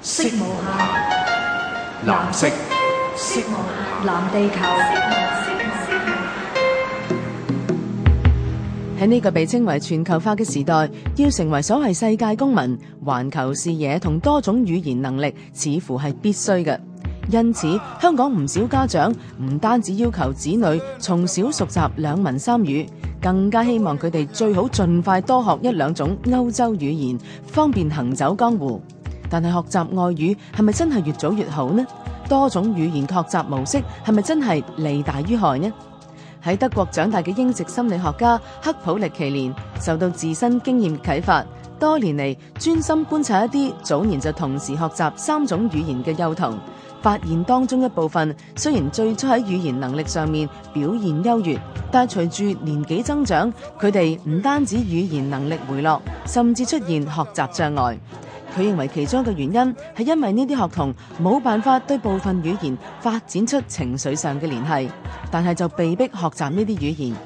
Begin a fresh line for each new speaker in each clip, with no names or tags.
色無限，藍色。色無限，藍地球。喺呢個被稱為全球化嘅時代，要成為所謂世界公民，環球視野同多種語言能力似乎係必須嘅。因此，香港唔少家長唔單止要求子女從小熟習兩文三語，更加希望佢哋最好盡快多學一兩種歐洲語言，方便行走江湖。但係學習外語係咪真係越早越好呢？多種語言學習模式係咪真係利大於害呢？喺德國長大嘅英籍心理學家克普力奇連受到自身經驗啟發，多年嚟專心觀察一啲早年就同時學習三種語言嘅幼童，發現當中一部分雖然最初喺語言能力上面表現優越，但隨住年紀增長，佢哋唔單止語言能力回落，甚至出現學習障礙。佢認為其中嘅原因係因為呢啲學童冇辦法對部分語言發展出情緒上嘅聯繫，但係就被迫學習呢啲語言，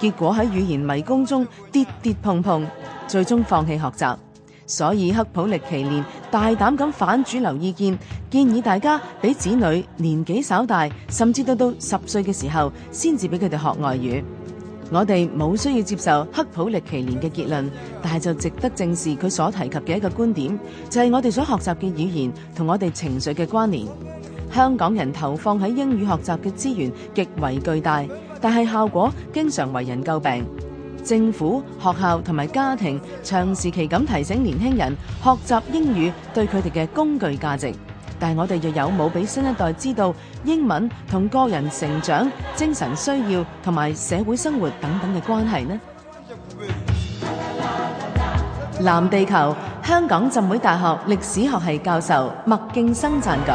結果喺語言迷宮中跌跌碰碰，最終放棄學習。所以，克普力奇連大膽咁反主流意見，建議大家俾子女年紀稍大，甚至到到十歲嘅時候先至俾佢哋學外語。我哋冇需要接受克普力奇年嘅結論，但係就值得正視佢所提及嘅一個觀點，就係、是、我哋所學習嘅語言同我哋情緒嘅關聯。香港人投放喺英語學習嘅資源極為巨大，但係效果經常為人詬病。政府、學校同埋家庭長時期咁提醒年輕人學習英語對佢哋嘅工具價值。但我哋又有冇俾新一代知道英文同個人成長、精神需要同埋社會生活等等嘅關係呢？藍地球香港浸會大學歷史學系教授麥勁生撰稿。